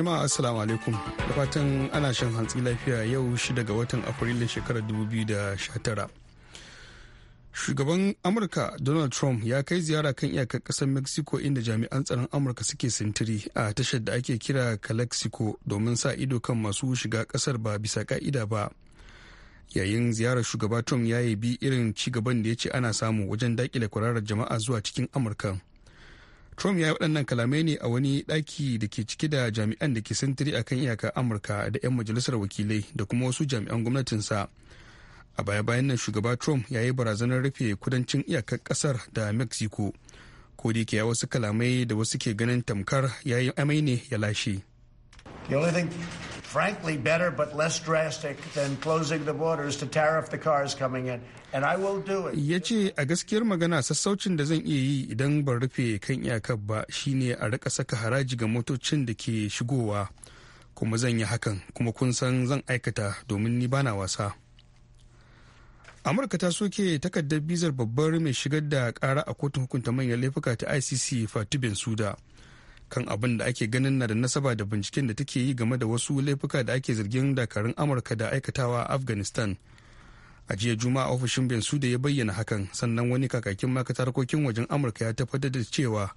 jama'a assalamu alaikum da fatan ana shan hantsi lafiya yau shi daga watan afrilun shekarar 2019 shugaban amurka donald trump ya kai ziyara kan iyakar kasar mexico inda jami'an tsaron amurka suke sintiri a tashar da ake kira calexico domin sa ido kan masu shiga kasar ba bisa ka'ida ba yayin ziyarar shugaba trump ya yi bi irin ci gaban da ya ce ana samu wajen dakile kwararar jama'a zuwa cikin amurka Trump ya yi waɗannan kalamai ne a wani ɗaki da ke cike da jami'an da ke sintiri a kan iyakar Amurka da 'yan majalisar wakilai da kuma wasu jami'an gwamnatinsa. A baya-bayan nan shugaba Trump ya yi barazanar rufe kudancin iyakar ƙasar da Mexico. Ko da ya wasu kalamai da wasu ke ganin tamkar ya yi amai ne ya lashe. frankly better but less drastic than closing the borders to tariff the cars coming in and I will do it. Ya ce a gaskiyar magana sassaucin da zan iya yi idan ban rufe kan iyakar ba shine a rika saka haraji ga motocin da ke shigowa kuma zan yi hakan kuma kun san zan aikata domin ni bana wasa. amurka ta soke takardar bizar babbar mai shigar da kara a kotun hukunta manyan laifuka ta icc fatu suda kan abin da ake ganin na da nasaba da binciken da take yi game da wasu laifuka da ake zargin dakarun amurka da aikatawa a afghanistan a jiya juma'a ofishin bensu da ya bayyana hakan sannan wani kakakin maka harkokin wajen amurka ya tabbatar da cewa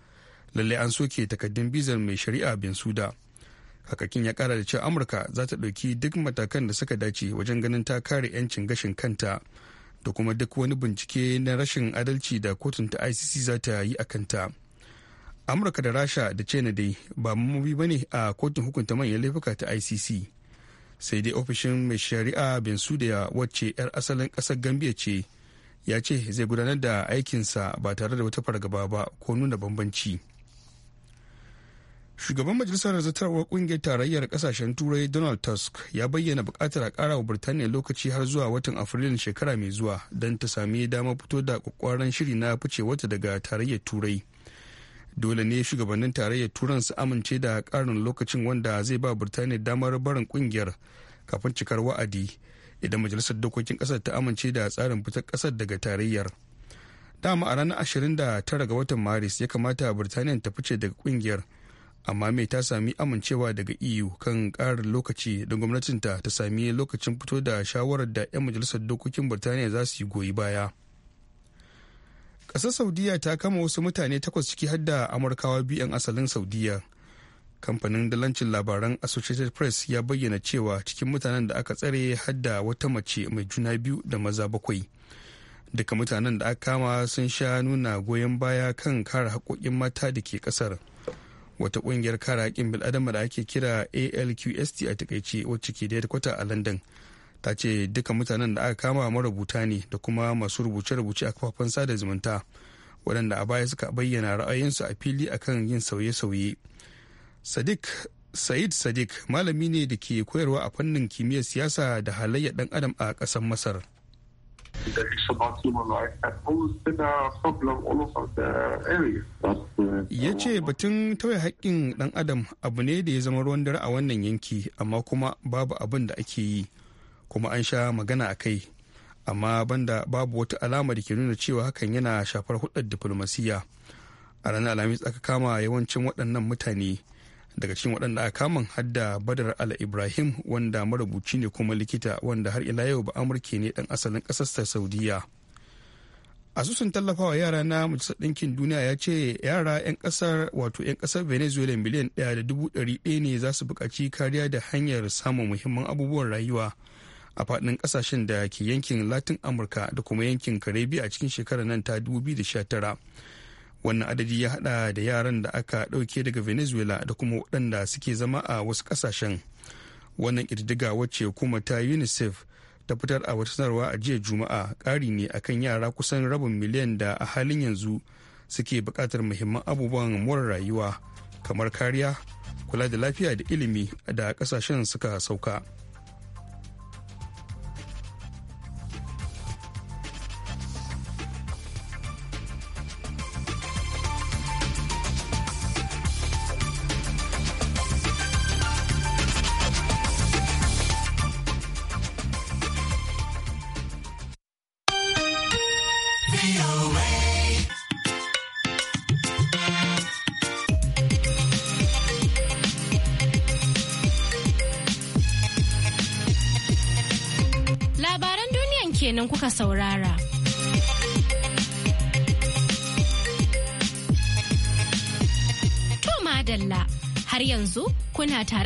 lallai an soke takaddun bizar mai shari'a bensu da kakakin ya kara da cewa amurka za ta ɗauki duk matakan da suka dace wajen ganin ta kare 'yancin gashin kanta da kuma duk wani bincike na rashin adalci da kotun ta icc za ta yi a kanta amurka da rasha da china dai ba mamobi ba ne a kotun hukunta manyan laifuka ta icc sai dai ofishin mai shari'a bensu da wacce 'yar asalin ƙasar gambia ce ya ce zai gudanar da aikinsa ba tare da wata fargaba ba ko nuna bambanci shugaban majalisar zartarwar kungiyar tarayyar kasashen turai donald tusk ya bayyana bukatar a kara wa birtaniya lokaci har zuwa watan afrilun shekara mai zuwa don ta sami damar fito da kwakwaran shiri na fice wata daga tarayyar turai dole ne shugabannin tarayyar turan su amince da karin lokacin wanda zai ba birtaniya damar barin kungiyar kafin cikar wa'adi idan majalisar dokokin kasar ta amince da tsarin fitar kasar daga tarayyar dama a ranar 29 ga watan maris ya kamata birtaniya ta fice daga kungiyar amma mai ta sami amincewa daga eu kan karin lokaci don gwamnatinta ta sami lokacin fito da shawarar da 'yan majalisar dokokin birtaniya za su yi goyi baya ƙasar saudiya ta kama wasu mutane takwas ciki har da amurkawa biyan asalin saudiya kamfanin dalancin labaran associated press ya bayyana cewa cikin mutanen da aka tsare har wata mace mai juna biyu da maza bakwai duka mutanen da aka kama sun sha nuna goyon baya kan kare haƙoƙin mata da ke ƙasar wata ƙungiyar kare haƙƙin bil'adama da ake kira alqst a takaice wacce ke da kwata a london ta ce duka mutanen da aka kama marubuta ne da kuma masu rubuce-rubuce a kafafen sada zumunta waɗanda a baya suka bayyana ra'ayinsu a fili akan yin sauye-sauye sadiq said sadiq malami ne da ke koyarwa a fannin kimiyyar siyasa da halayya ɗan adam a ƙasar masar uh, uh, uh, ya ce batun tauye haƙƙin ɗan adam abu ne da ya zama ruwan dare a wannan yanki amma kuma babu abin da ake yi kuma an sha magana a kai amma banda babu wata alama da ke nuna cewa hakan yana shafar hudar diflomasiyya a ranar alhamis aka kama yawancin waɗannan mutane daga cikin waɗanda aka kama hadda badar ala ibrahim wanda marubuci ne kuma likita wanda har ila yau ba amurke ne ɗan asalin ƙasar saudiyya. asusun tallafawa yara na majalisar ɗinkin duniya ya ce yara 'yan ƙasar wato 'yan ƙasar venezuela miliyan ɗaya da dubu ɗari ɗaya ne za su buƙaci kariya da hanyar samun muhimman abubuwan rayuwa a faɗin ƙasashen da ke yankin latin amurka da kuma yankin karibiya a cikin shekarar nan ta 2019 wannan adadi ya haɗa da yaran da aka ɗauke daga venezuela da kuma waɗanda suke zama a wasu ƙasashen wannan ƙididdiga wacce kuma ta unicef ta fitar a wata sanarwa a jiya juma'a ƙari ne akan yara kusan rabin miliyan da a halin yanzu suke buƙatar muhimman abubuwan more rayuwa kamar kariya kula da lafiya da ilimi da ƙasashen suka sauka.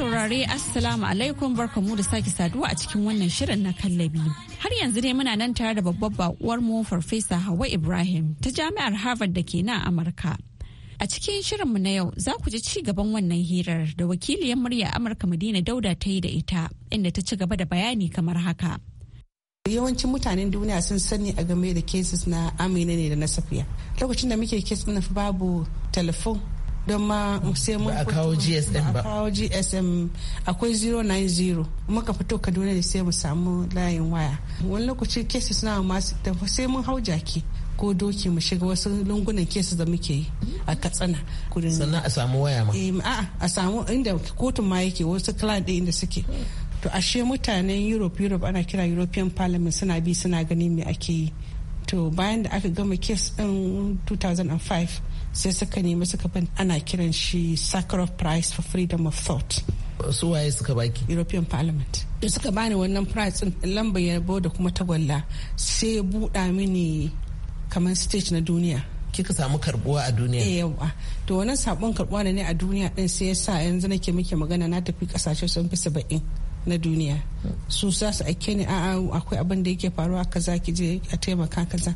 saurare Assalamu alaikum barkamu da sake saduwa a cikin wannan shirin na kallabi. Har yanzu ne muna nan tare da babbar bakuwar mu Farfesa Hawa Ibrahim ta Jami'ar Harvard da ke nan Amurka. A cikin shirinmu na yau za ku ji ci gaban wannan hirar da wakiliyar murya Amurka Madina Dauda ta yi da ita inda ta ci gaba da bayani kamar haka. yawancin mutanen duniya sun sani a game da kesis na amina ne da na safiya lokacin da muke kes na babu telefon don ma sai mun a kawo gsm ba a kawo gsm akwai 090 muka fito kaduna da sai mu samu layin waya wani lokaci kesi suna masu tafi sai mun hau jaki ko doki mu shiga wasu lungunan kesa da muke yi a katsina sannan a samu waya ma eh, a a samu inda kotun ma yake wasu client ɗaya inda suke to ashe mutanen europe europe ana kira european parliament suna bi suna gani me ake yi to bayan da aka gama kes din 2005 sai suka nemi suka ban ana kiran shi sacred prize for freedom of thought su waye suka baki european parliament da suka bani wannan prize din lambar yabo da kuma tagwalla sai ya buɗa mini kamar stage na duniya kika samu karbuwa a duniya eh yawa to wannan sabon karbuwa ne a duniya din sai ya sa yanzu nake muke magana na tafi kasashe sun fi saba'in na duniya su za su aike ni a'a akwai abin da yake faruwa kaza ki je a taimaka kaza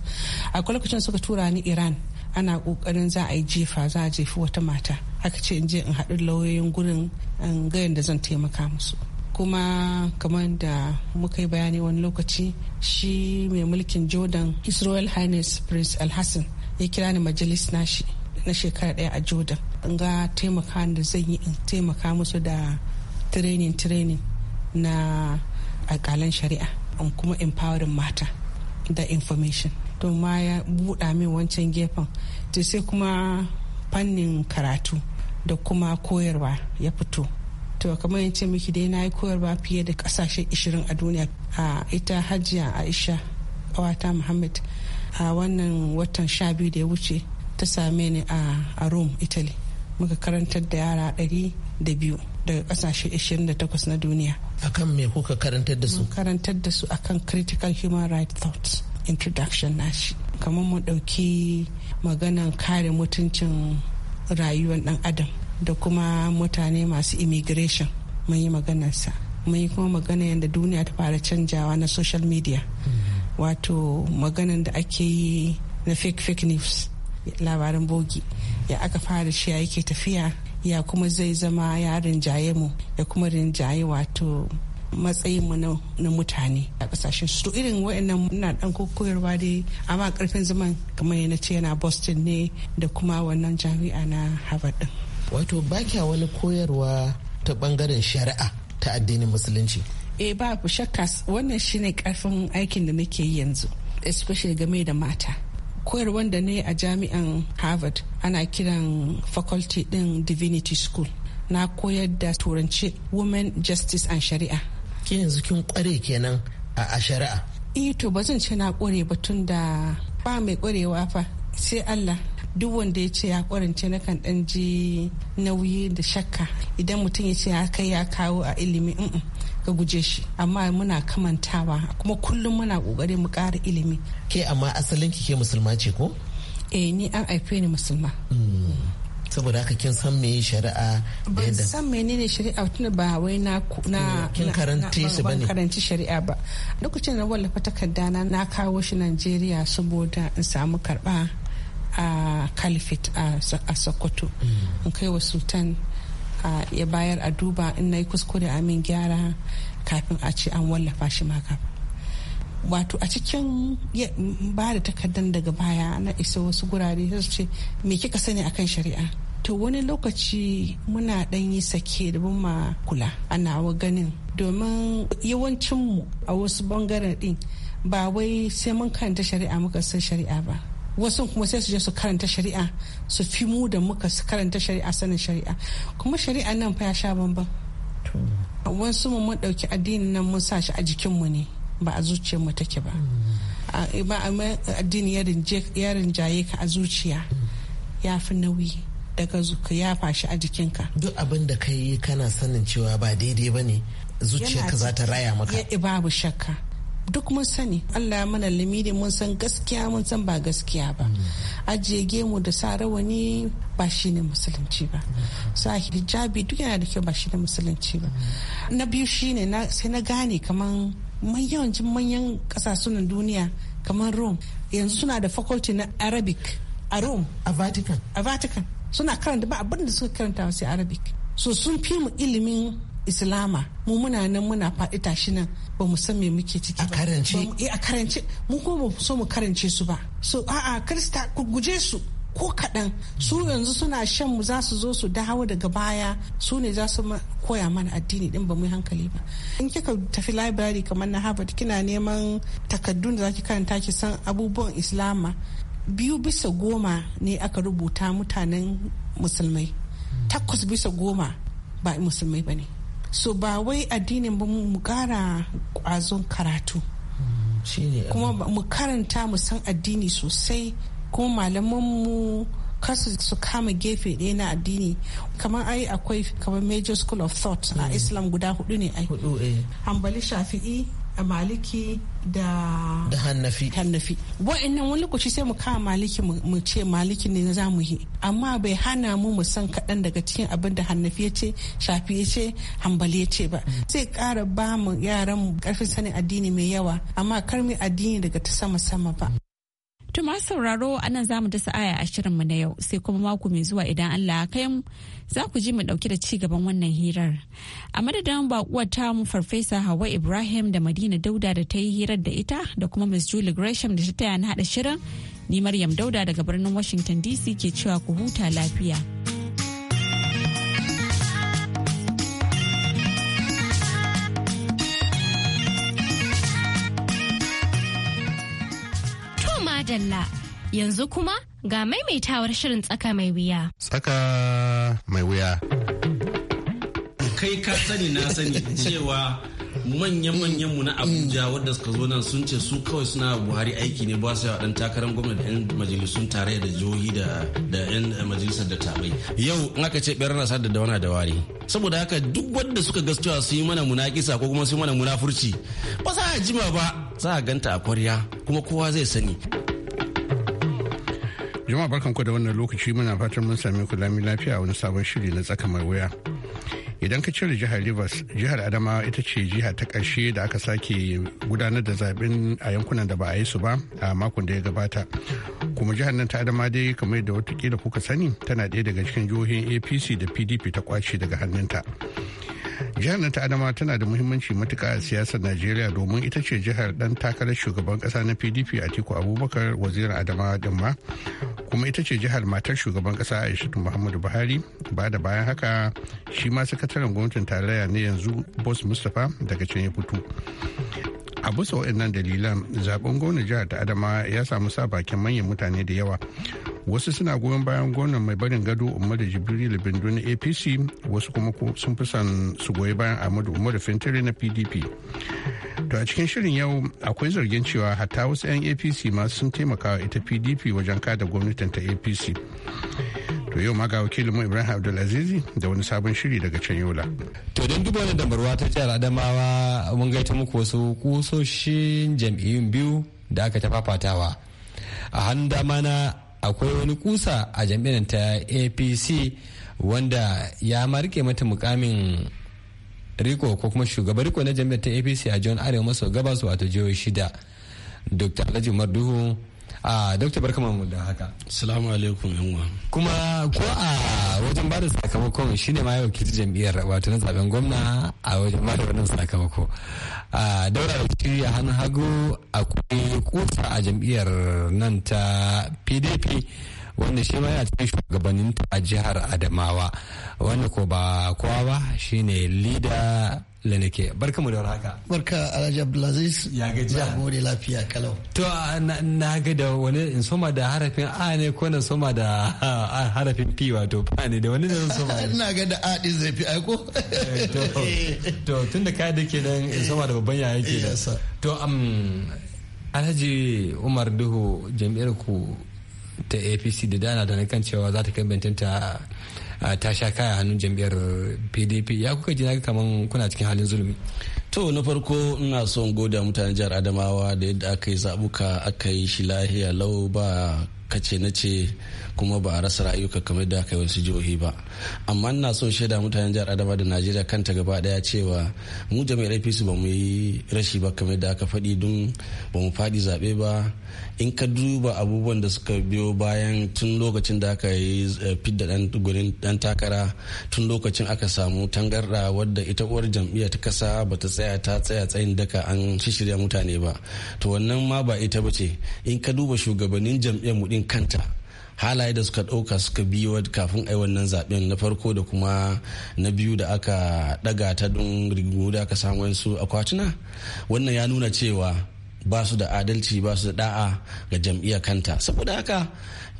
akwai lokacin suka tura ni iran ana kokarin za a yi jefa za a jefi wata mata haka ce in je in haɗu lauyoyin gurin in ga yadda zan taimaka musu kuma kamar da muka yi bayani wani lokaci shi mai mulkin jordan israel highness prince alhassan ya kira ni majalis nashi na shekara ɗaya a jordan in ga taimaka da zan yi in taimaka musu da training training na alkalan shari'a in kuma empowering mata da information to ma ya buɗa min wancan gefen to sai kuma fannin karatu da kuma koyarwa ya fito to kamar yin ce miki dai na yi koyarwa fiye da kasashe 20 a duniya a ita hajiya aisha kawata muhammad a wannan watan sha biyu da ya wuce ta same ni a rome italy muka karantar da yara ɗari da biyu daga kasashe 28 na duniya akan me kuka karantar da su karantar da su akan critical human rights thoughts introduction nashi kamar mu ɗauki maganan kare mutuncin rayuwar ɗan adam da kuma mutane masu immigration mun yi maganarsa mun yi kuma magana yadda duniya ta fara canjawa na social media mm-hmm. wato maganan da ake yi na fake fake news labarin bogi mm-hmm. ya aka fara shi yake tafiya ya kuma zai zama ya rinjaye mu ya kuma rinjaye wato matsayin mu na mutane a kasashen su to irin wayannan na dan koyarwa dai amma karfin zaman kamar yana ce yana Boston ne da kuma wannan jami'a na Harvard din wato bakya wani koyarwa ta bangaren shari'a ta addinin musulunci eh ba shakka wannan shine karfin aikin da nake yi yanzu especially game da mata koyarwan da ne a jami'an harvard ana kiran faculty din divinity school na koyar da turanci women justice and shari'a ke yanzu kin kware kenan a shari'a Ito eh to ba zan ce na kware ba tun da ba mai kwarewa fa sai Allah duk wanda ya ce ya kwarance na kan dan ji nauyi da shakka idan mutum ya ce ya kai ya kawo a ilimi ka guje shi amma muna kamantawa kuma kullum muna kokari mu ƙara ilimi ke amma asalin ke musulma ce ko eh ni an haife ni musulma mm. saboda haka kin san me shari'a ban san menene shari'a tunda ba wai na na eh, kin karanci shi bane karanta shari'a ba lokacin na wallafa takarda na na kawo shi Najeriya saboda in samu karba a Califate a Sokoto mm. in kai wa sultan ya bayar a duba in na yi kuskure a min gyara kafin a ce an wallafa shi ma wato a cikin ba da takardar daga baya na isa wasu gurare su ce me kika sani akan shari'a to wani lokaci muna ɗan yi sake da ma kula a nawa ganin domin yawancinmu a wasu bangaren din ba wai sai mun karanta shari'a muka san shari'a ba wasu kuma sai su je su karanta shari'a su fi mu da muka karanta shari'a sanin shari'a kuma shari'a nan fa ya sha bamban wasu mu mun ɗauki addinin nan mun sa shi a jikin mu ne ba a zuciyar mu take ba mm. a addini ya rinjaye ka a zuciya mm. ya fi nauyi daga ka yafa shi a jikinka duk abin da ka yi kana sanin cewa ba daidai ba ne zuciyarka za ta raya maka babu shakka duk mun sani allah ya mana limidi mun san gaskiya mun san ba gaskiya ba mm. ajiye gemu da sa rawani ba shi ne musulunci ba mm. sa hijabi duk yana da kyau ba shi ne musulunci ba mm. na biyu shine sai na gane kaman manyan manyan kasasunan duniya kamar rome yanzu suna da faculty na arabic a rome a vatican a vatican suna karanta ba abin da suka karanta sai arabic so sun fi mu ilimin islama mu muna nan muna faɗi tashi nan ba mu san me muke ciki a karance eh, a karance mun ko ba so mu karance su ba so a krista ku guje su ko kaɗan su yanzu suna shan mu za su zo su dawo daga baya su ne za su koya mana addini din ba mu hankali ba in kika tafi library kamar na harvard kina neman takaddun da za ki karanta ki san abubuwan islama biyu bisa goma ne aka rubuta mutanen musulmai takwas bisa goma ba musulmai ba ne so ba wai addinin ba mu kara kwazon karatu mm, kuma mu karanta mu san addini sosai kuma malaman mu kasu su kama gefe ɗaya na addini kamar ai akwai kamar major school of thought a mm. islam guda hudu ne ai eh. hambali shafi'i maliki da da hannafi hannafi wa'annan wani lokaci sai mu kama maliki mu ce maliki ne za mu yi amma bai hana mu mu san kaɗan daga cikin abin da hannafi ya ce shafi ya ce hambali ya ce ba sai ƙara ba mu yaran mu ƙarfin sanin addini mai yawa amma karmi addini daga ta sama sama ba Tuma sauraro anan za mu dasa aya a mu na yau sai kuma mako mai zuwa idan Allah ya kai mu za ku ji mu dauki da ci gaban wannan hirar. A madadin bakuwar ta mu farfesa Hawa Ibrahim da Madina Dauda da ta yi hirar da ita da kuma Miss Julie Gresham da ta taya na hada shirin. Ni Maryam Dauda daga birnin Washington DC ke cewa ku huta lafiya. Jalla. Yanzu kuma ga maimaitawar shirin tsaka mai wuya. Tsaka mai wuya. Kai ka sani na sani cewa manyan-manyan mu na Abuja wadda suka zo nan sun ce su kawai suna Buhari aiki ne ba su yawa takarar gwamnati da 'yan majalisun tarayya da jihohi da 'yan majalisar da tabai. Yau in aka ce ɓerar na da wana da wari. Saboda haka duk wanda suka gaskiya su yi mana munakisa ko kuma su yi mana munafurci ba za a jima ba za a ganta a kwarya kuma kowa zai sani. Jama'a barkanku da wannan lokaci muna fatan mun sami ku lami lafiya wani sabon shiri na tsaka mai wuya. Idan ka cire jihar Rivers, jihar adama ita ce jiha ta ƙarshe da aka sake gudanar da zaben a yankunan da ba a yi su ba a makon da ya gabata. Kuma jihar nan ta Adama dai kamar da watakila kuka sani tana ɗaya daga cikin jihohin APC da PDP ta kwace daga hannunta. jihar nan ta adama tana da muhimmanci matuka a siyasar najeriya domin ita ce jihar dan takarar shugaban kasa na pdp a tiku abubakar wazirin adama dimma kuma ita ce jihar matar shugaban kasa aishatu muhammadu buhari ba da bayan haka shi ma sakataren gwamnatin tarayya na yanzu boss mustapha daga can ya fito a bisa waɗannan dalilan zaben gwamnan jihar ta adama ya samu sa bakin manyan mutane da yawa wasu suna goyon bayan gwamnan mai barin gado umar da jibril binduna na apc wasu kuma sun fi son su goyi bayan ahmadu umar fintiri na pdp to a cikin shirin yau akwai zargin cewa hatta wasu 'yan apc masu sun taimakawa ita pdp wajen kada gwamnatin ta apc to yau ma ga wakilinmu ibrahim abdulazizi da wani sabon shiri daga can yola to don duba wani damarwa ta jihar adamawa mun gaita muku wasu kusoshin jam'iyyun biyu da aka ta fafatawa a hannun dama na akwai wani kusa a jam'iyyar ta apc wanda ya marke mata mukamin riko ko kuma shugaban riko na jam'iyyar ta apc a john arewa maso gabas wato jihohi shida dr alhaji umar duhu a dr barkamu da haka salamu alaikum yanwa kuma ko a wajen bada sakamakon shine ma yau kiti jam'iyyar wato na zaben gwamna a wajen bada wannan sakamako a daura da shi a hagu akwai kusa a jam'iyyar nan ta pdp wanda shi ma yana cikin shugabannin ta jihar adamawa wanda ko ba kowa ba shine lida lanake barka mu da haka barka alhaji abdulaziz ya gaji ya gode lafiya kalau to na ga da wani in soma da harafin a ne ko na soma da harafin p wato p ne da wani zan soma ina ga da a din zai fi aiko eh, to tun da ka da ke nan in soma da babban yayi ke to alhaji umar duhu Jami'ar ku ta apc da dana da na kan cewa za ta kai bentanta ta sha kaya hannun jam'iyyar pdp ya kuka ji naga kaman kuna cikin halin zulumi to na farko ina son goda mutanen jihar adamawa da yadda aka yi zabuka aka yi shi lahiya lau ba kace na ce kuma ba a rasa ra'ayuka kamar da aka wasu jihohi ba amma ina son shaida mutanen jihar adama da najeriya kanta gaba daya cewa mu jami'ar apc ba mu yi rashi ba kamar da aka faɗi don ba mu faɗi zaɓe ba in ka duba abubuwan da suka biyo bayan tun lokacin da aka yi eh, fidda dan takara tun lokacin aka samu tangarɗa wadda ita uwar jam'iyya ta kasa ba ta tsaya ta tsaya tsayin daka an shirya mutane ba to wannan ma ba ita ba ce in ka duba shugabannin jam'iyyar mu ɗin kanta halaye da suka ɗauka suka biyo kafin ai wannan zaben na farko da kuma na biyu da aka ɗaga ta don rigimu da aka samu su akwatuna wannan ya nuna cewa ba su da adalci ba su da da'a ga jam'iyyar kanta saboda haka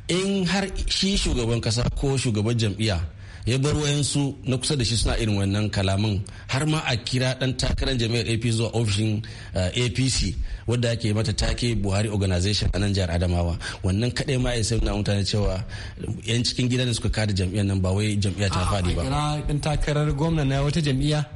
in har shi shugaban kasa ko shugaban jam'iyya ya bar wayansu na kusa da shi suna irin wannan kalaman har ma a kira dan takarar jami'ar apc zuwa ofishin eh, apc wadda ake mata take buhari organization a nan jihar adamawa wannan kadai ma ya sai na mutane cewa yan cikin gida da suka kada jam'iyyar nan ba wai jam'iyyar ta fadi ba. dan takarar gwamna na wata jami'a.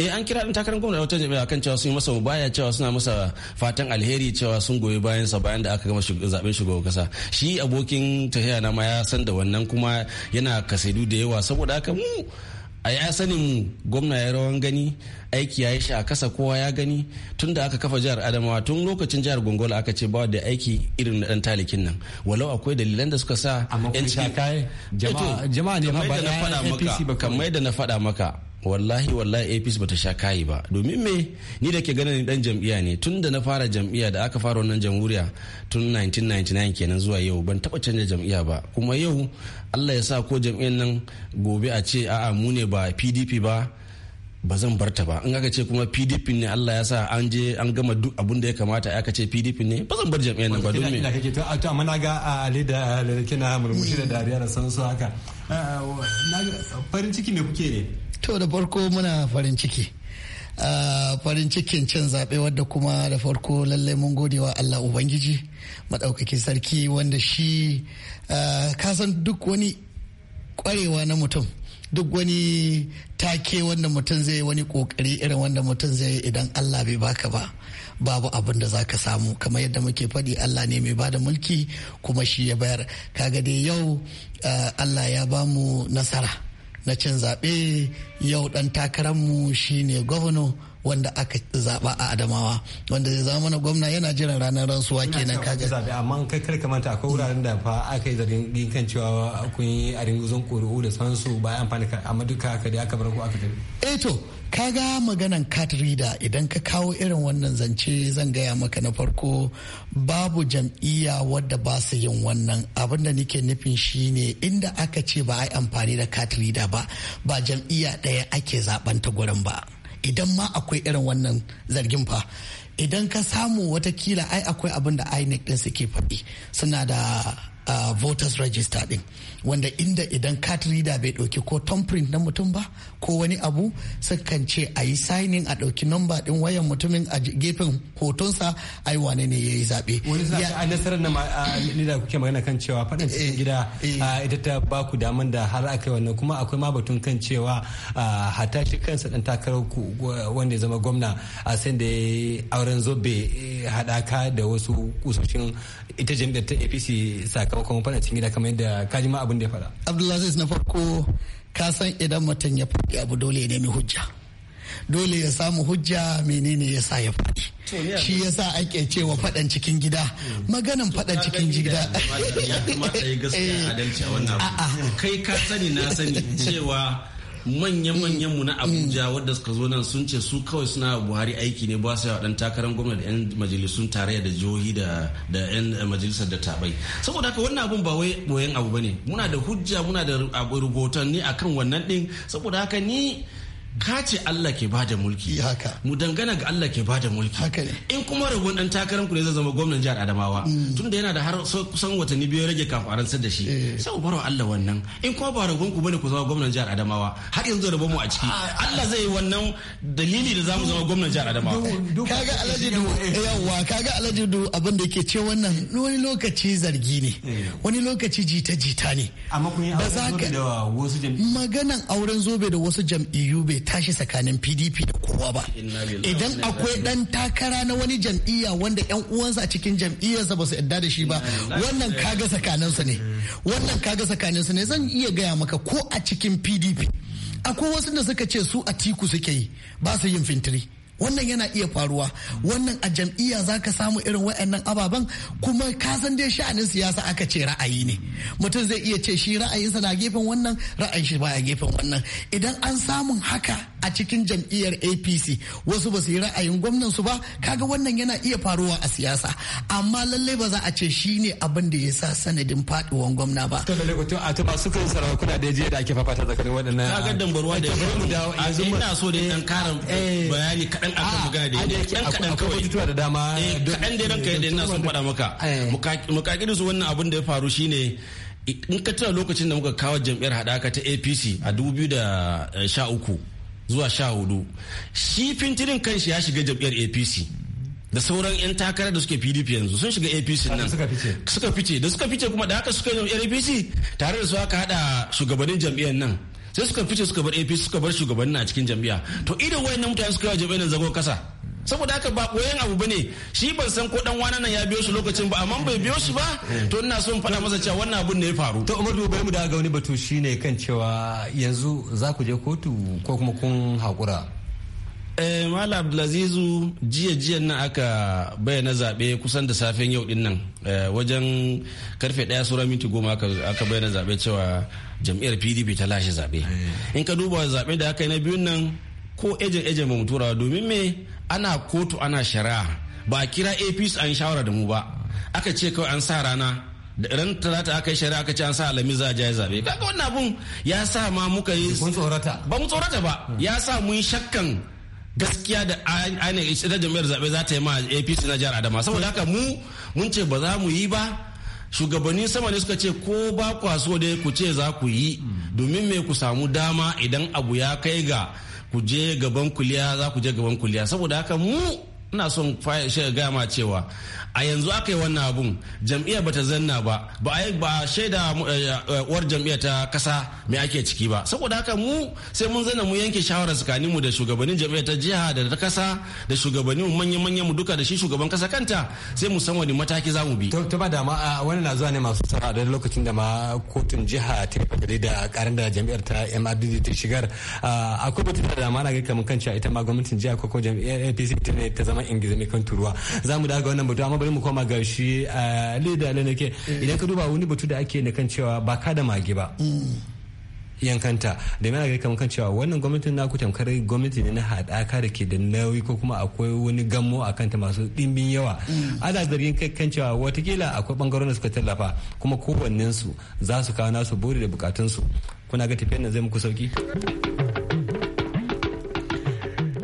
eh an kira dan takarar gwamna wata jami'a kan cewa sun yi masa baya cewa suna masa fatan alheri cewa sun goyi bayan sa bayan da aka gama zaben shugaban kasa shi abokin tahiya na ma ya san da wannan kuma yana kasaidu da yawa saboda haka mu a ya sanin gwamna ya rawan gani aiki ya yi shi a kasa kowa ya gani tun da aka kafa jihar adamawa tun lokacin jihar gongola aka ce ba da aiki irin na dan talikin nan walau akwai dalilan da suka sa eh, jama'a ne ba da na fada maka wallahi wallahi apc bata sha kayi ba domin me ni da ke ganin dan jam'iyya ne tun da na fara jam'iyya da aka fara wannan jamhuriya tun 1999 kenan zuwa yau ban taba canja jam'iyya ba kuma yau allah ya sa ko jam'iyyar nan gobe a ce a'a mu ne ba pdp ba ba zan bar ta ba in aka ce kuma pdp ne allah ya sa an je an gama duk abin da ya kamata aka ce pdp ne ba zan bar jam'iyyar nan ba domin me kake to a mana ga ali da kina murmushi da dariya da san su haka eh, farin ciki me kuke ne to da farko muna farin ciki ah, farin cikin cin zaɓe wadda kuma da farko lallai mun godewa Allah Ubangiji maɗaukaki sarki wanda shi ah, kasan duk wani ƙwarewa na mutum duk wani take wanda mutum zai wani kokari irin wanda mutum zai idan Allah bai baka ba babu abin da zaka samu kamar yadda muke faɗi Allah ne mai bada mulki kuma shi ya bayar kaga dai yau ah, Allah ya bamu nasara na cin zaɓe yau ɗan takararmu shine gwamna wanda aka zaba a Adamawa wanda zai zama mana gwamna yana jiran ranar rantsuwa kenan kaga zabe amma kai kar kamanta akwai wuraren da fa aka yi zargin kan cewa kun yi a ringuzon ƙuri'u da sansu ba amfani amma duka haka dai aka bar ku aka tafi eh to kaga maganan card reader idan ka kawo irin wannan zance zan gaya maka na farko babu jam'iyya wadda ba su yin wannan abin da nake nufin shine inda aka ce ba a yi amfani da card reader ba ba jam'iyya ɗaya ake zaben ta gurin ba idan ma akwai irin wannan zargin fa idan ka samu watakila ai akwai abin da inec din suke faɗi suna da uh, voters register din wanda inda idan card reader bai dauki ko thumbprint na mutum ba ko wani abu sukan ce a yi signing a dauki number din wayan mutumin a gefen hotonsa ai wane ne ya yi wani za a nasarar na ni da kuke magana kan cewa faɗin eh, cikin gida eh. ita ta ba ku daman da har aka yi wannan kuma akwai ma batun kan cewa hata shi kansa dan takarar ku wanda ya zama gwamna a san da auren zobe eh, hadaka da wasu kusoshin ita jami'ar ta apc sakamakon sakamakon faɗa cikin gida kamar yadda ka ji ma abin da ya faɗa. Abdulaziz na farko ka san idan mutum ya faɗi abu dole ya nemi hujja. Dole ya samu hujja menene ya sa ya faɗi. Shi ya sa ake cewa faɗan cikin gida. Maganin faɗan cikin gida. Ya kamata ya gaskiya eh. adalci a wannan. Kai ka sani na sani cewa manyan-manyan mu na mm. abuja wadda suka zo nan sun ce su kawai suna buhari aiki ne ba su yawa dan takarar gwamna da 'yan majalisun tarayya da jihohi da 'yan majalisar da tabai saboda haka wannan abun ba wai boyan abu bane muna da hujja muna da rubutanni akan wannan din saboda haka ni ka ce Allah ke bada mulki mu dangana ga Allah ke bada mulki in kuma rabon dan takarar ku ne zai zama gwamnan jihar Adamawa mm. tun da yana da har kusan watanni biyu rage kafin a da shi eh. sai ku barwa Allah wannan in kuma ba rabon ku bane ku zama gwamnan jihar Adamawa har yanzu da mu a ciki Allah zai wannan dalili da zamu zama gwamnan jihar Adamawa kaga Alhaji Du yawa kaga Alhaji Du abin da yake ce wannan wani lokaci zargi ne eh. wani lokaci jita jita ne amma kun yi da wasu jam'iyyu maganan auren zobe da wasu jam'iyyu bai zai tashi tsakanin pdp da kowa ba idan akwai dan takara na wani jam'iyya wanda yan uwansa a cikin jam'iyyarsa ba su yadda da shi ba wannan kaga tsakaninsu ne wannan kaga tsakaninsu ne zan iya gaya maka ko a cikin pdp akwai wasu da suka ce su a tiku suke yi ba su yin fintiri wannan yana iya faruwa wannan a jam'iyya za ka samu irin waɗannan ababen kuma ka san dai sha'anin siyasa aka ce ra'ayi ne mutum zai iya ce shi ra'ayinsa na gefen wannan ra'ayin shi baya gefen wannan idan an samun haka a cikin jam'iyyar apc wasu ba su yi ra'ayin gwamnan su ba kaga wannan yana iya faruwa a siyasa amma lallai ba za a ce shi ne abin da ya sa sanadin faduwan gwamna ba to a tuba su kan da ake fafata tsakanin waɗannan dambarwa da ina so da eh, eh. bayani kaɗan Ah, kaɗan a kan magana da ɗan kaɗan kawai da dama eh, kaɗan dai ranka yadda ina son faɗa maka eh. mukakirin su wannan abin da ya faru shine in ka tuna lokacin da muka kawo jam'iyyar haɗaka ta apc a 2013 eh, zuwa 14 shi fintirin kanshi ya shiga jam'iyyar apc da sauran 'yan takarar da suke pdp yanzu sun shiga apc nan suka fice da suka fice kuma da haka suka yi apc tare da su haka hada shugabannin jam'iyyar nan sai suka fice suka bar apc suka bar shugabannin a cikin jam'iyya to idan wayannan mutane suka yi jam'iyyar zagon kasa saboda haka ba koyan abu bane shi ban san ko dan wani nan ya biyo shi lokacin ba amma bai biyo shi ba to ina son faɗa masa cewa wannan abun ne ya faru to Umar Dubai mu da ga wani batu shine kan cewa yanzu za ku je kotu ko kuma kun hakura Eh, mala abdulazizu jiya jiyan nan aka bayyana zaɓe kusan da safen yau din nan eh, wajen karfe ɗaya sura minti goma aka bayyana zaɓe cewa jam'iyyar pdp ta lashe zaɓe eh. in ka duba zaɓe da aka yi na biyun nan ko ejen ejen ba mu tura domin me ana kotu ana shari'a ba a kira apc an shawara da mu ba aka ce kawai an sa rana ran talata aka yi shari'a aka ce an sa alami za a ja zabe kaga wannan abun ya sa ma muka yi kun tsorata ba mu tsorata ba ya sa mun shakkan gaskiya da ainihin ita jami'ar zaɓe za ta yi ma apc na jihar adama saboda haka mu mun ce ba za mu yi ba shugabannin sama ne suka ce ko ba kwa so dai ku ce za ku yi domin me ku samu dama idan abu ya kai ga ku je gaban kuliya za ku je gaban kuliya saboda haka mu ina son shiga gama cewa a yanzu aka yi wannan abun jam'iyyar bata zanna ba ba a ba shaida eh, uwar jam'iyyar ta kasa me ake ciki ba saboda haka mu sai mun zana mu yanke shawarar tsakanin mu da shugabannin jam'iyyar ta jiha da ta kasa da shugabannin manyan manyan mu duka da shi shugaban kasa kanta sai mu san wani mataki za mu bi to ba da ma wani na zuwa ne masu tsara da lokacin da ma kotun jiha ta yi da karin da jam'iyyar ta MRDD ta shigar akwai batun da ma na ga kamar kan cewa ita ma gwamnatin jiha ko ko jam'iyyar APC ta ne ta zama kamar ingiza ne kan turuwa za mu daga wannan batu amma bari mu koma ga shi eh, leda da nake idan ka duba wani batu da ake na kan cewa ba ka da mage ba yankanta da mai gari kamar kan cewa wannan gwamnatin naku tamkar gwamnati ne na haɗaka da ke da nauyi ko kuma akwai wani gamo a kanta masu ɗimbin yawa ana zargin kan cewa watakila akwai ɓangarorin da suka tallafa kuma kowannensu za su kawo nasu buri da bukatunsu kuna ga tafiyar nan zai muku sauki.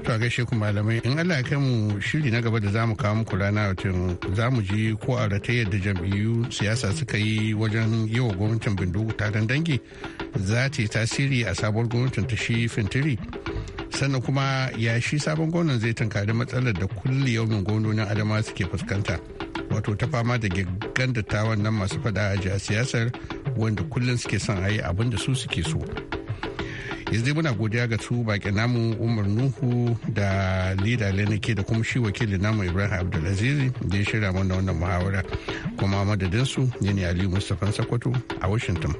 To a gaishe ku malamai in Allah ya kai mu shiri na gaba da zamu kawo muku rana watan zamu ji ko a rata yadda jam'iyyu siyasa suka yi wajen yawa gwamnatin bindigu taron dangi za ta yi tasiri a sabuwar gwamnatin ta shi fintiri. sannan kuma ya shi sabon gwamnan zai tunkari matsalar da kulli yaumin gwamnonin adama suke fuskanta wato ta fama da da ta nan masu fada a siyasar wanda kullum suke son a yi abin da su suke so yanzu dai muna godiya ga su baƙi namu umar nuhu da lida lenike da kuma shi wakilin namu ibrahim abdulaziz da ya shirya mana wannan muhawara kuma madadinsu ne ne ali mustapha sakwato a washington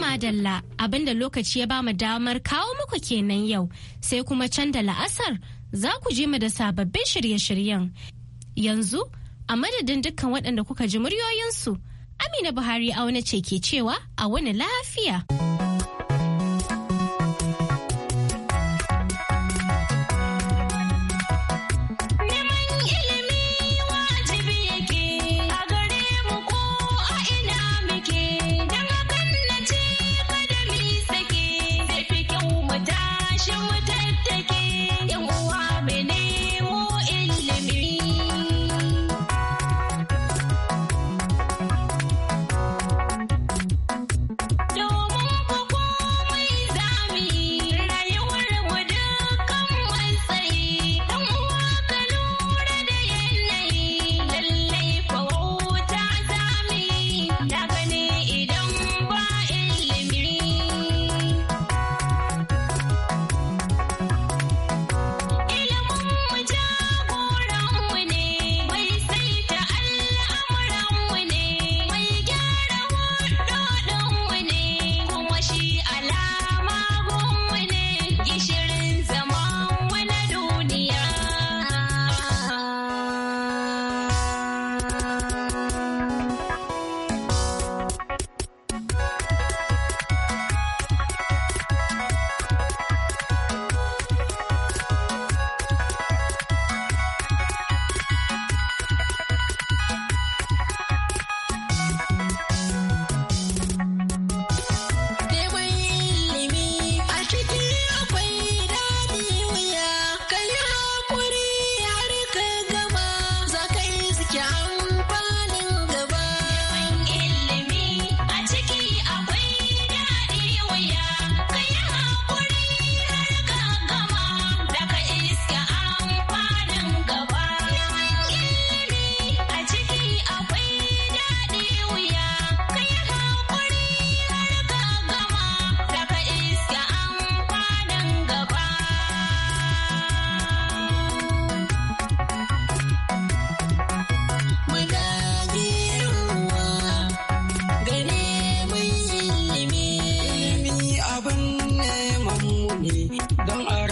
madalla abinda lokaci ya ba mu damar kawo muku kenan yau sai kuma can da la'asar za ku je mu da sababbin shirye-shiryen yanzu a madadin dukkan waɗanda kuka ji muryoyinsu amina buhari auna ce ke cewa a wani lafiya. abin ne mummuni don a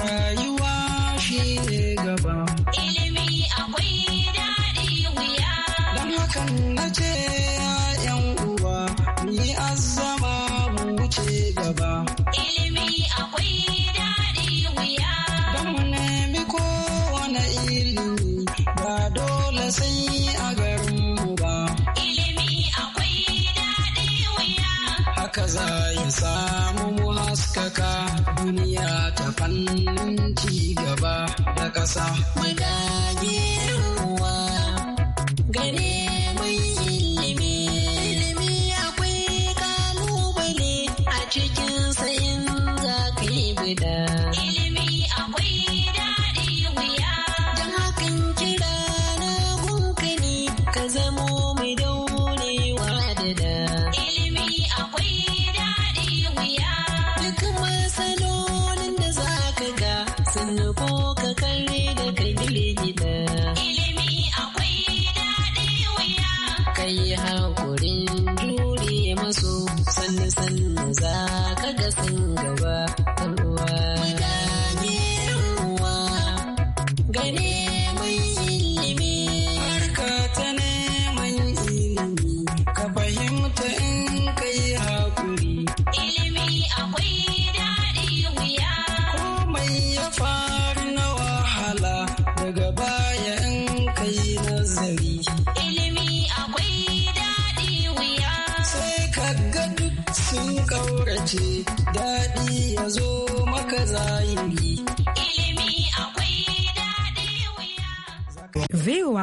So.